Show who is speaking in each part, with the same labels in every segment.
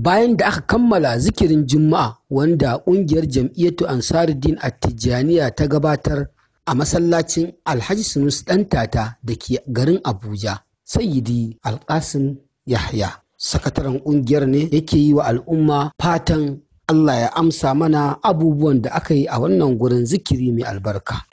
Speaker 1: bayan da aka kammala zikirin juma'a wanda ƙungiyar jam'iyyatu ansaruddin attijaniya ta gabatar a masallacin alhaji sunus ɗantata da ke garin abuja sayyidi alkasim yahya sakataren ƙungiyar ne yake yi wa al'umma fatan allah ya amsa mana abubuwan da aka yi a wannan gurin zikiri mai albarka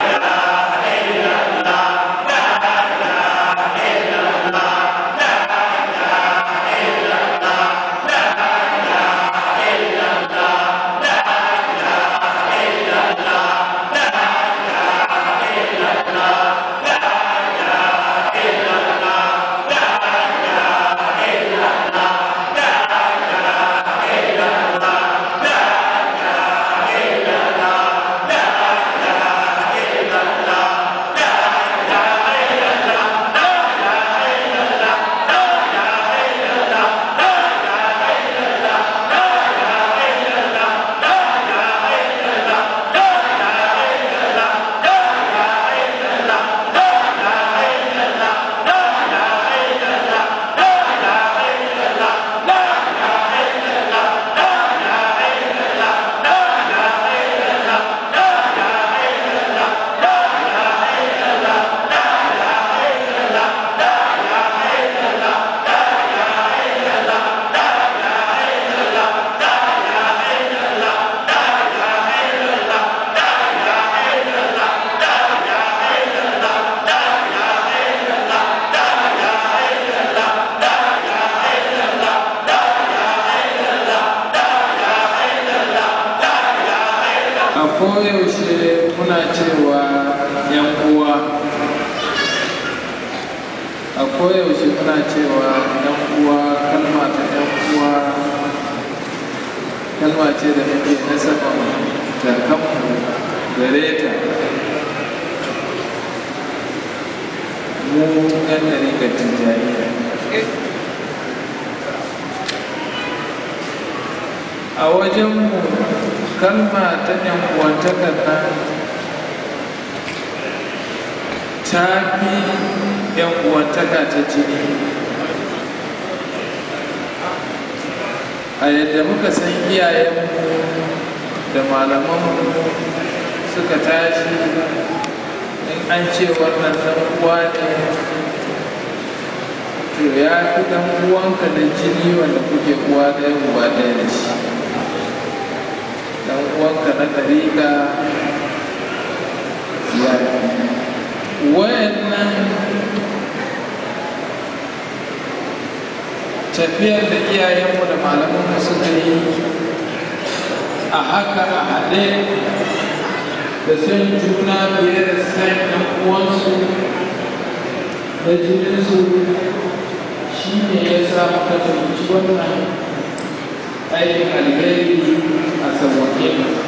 Speaker 2: koyaushe muna cewa yan uwa a koyaushe muna cewa yan uwa kalma ta yan uwa kalma ce da muke nasaba ta kanmu gare ta mu yan ɗariƙar tijjaniya a wajenmu kalma ta yankuwantakar nan ta fi yankuwantaka ta jini a yadda muka san iyayenmu da malamanmu suka tashi in an ce wannan dan kuwa ne to ya fi dan uwanka da jini wanda kuke kuwa ɗaya uba ɗaya da shi kaɗe-kaɗe tafiyar da iyayenmu da malamanmu suka yi a haka a haɗe da san juna fiye da san ɗan da jininsu shi ne ya sa muka tunci wannan aikin alheri a sauwaƙe masa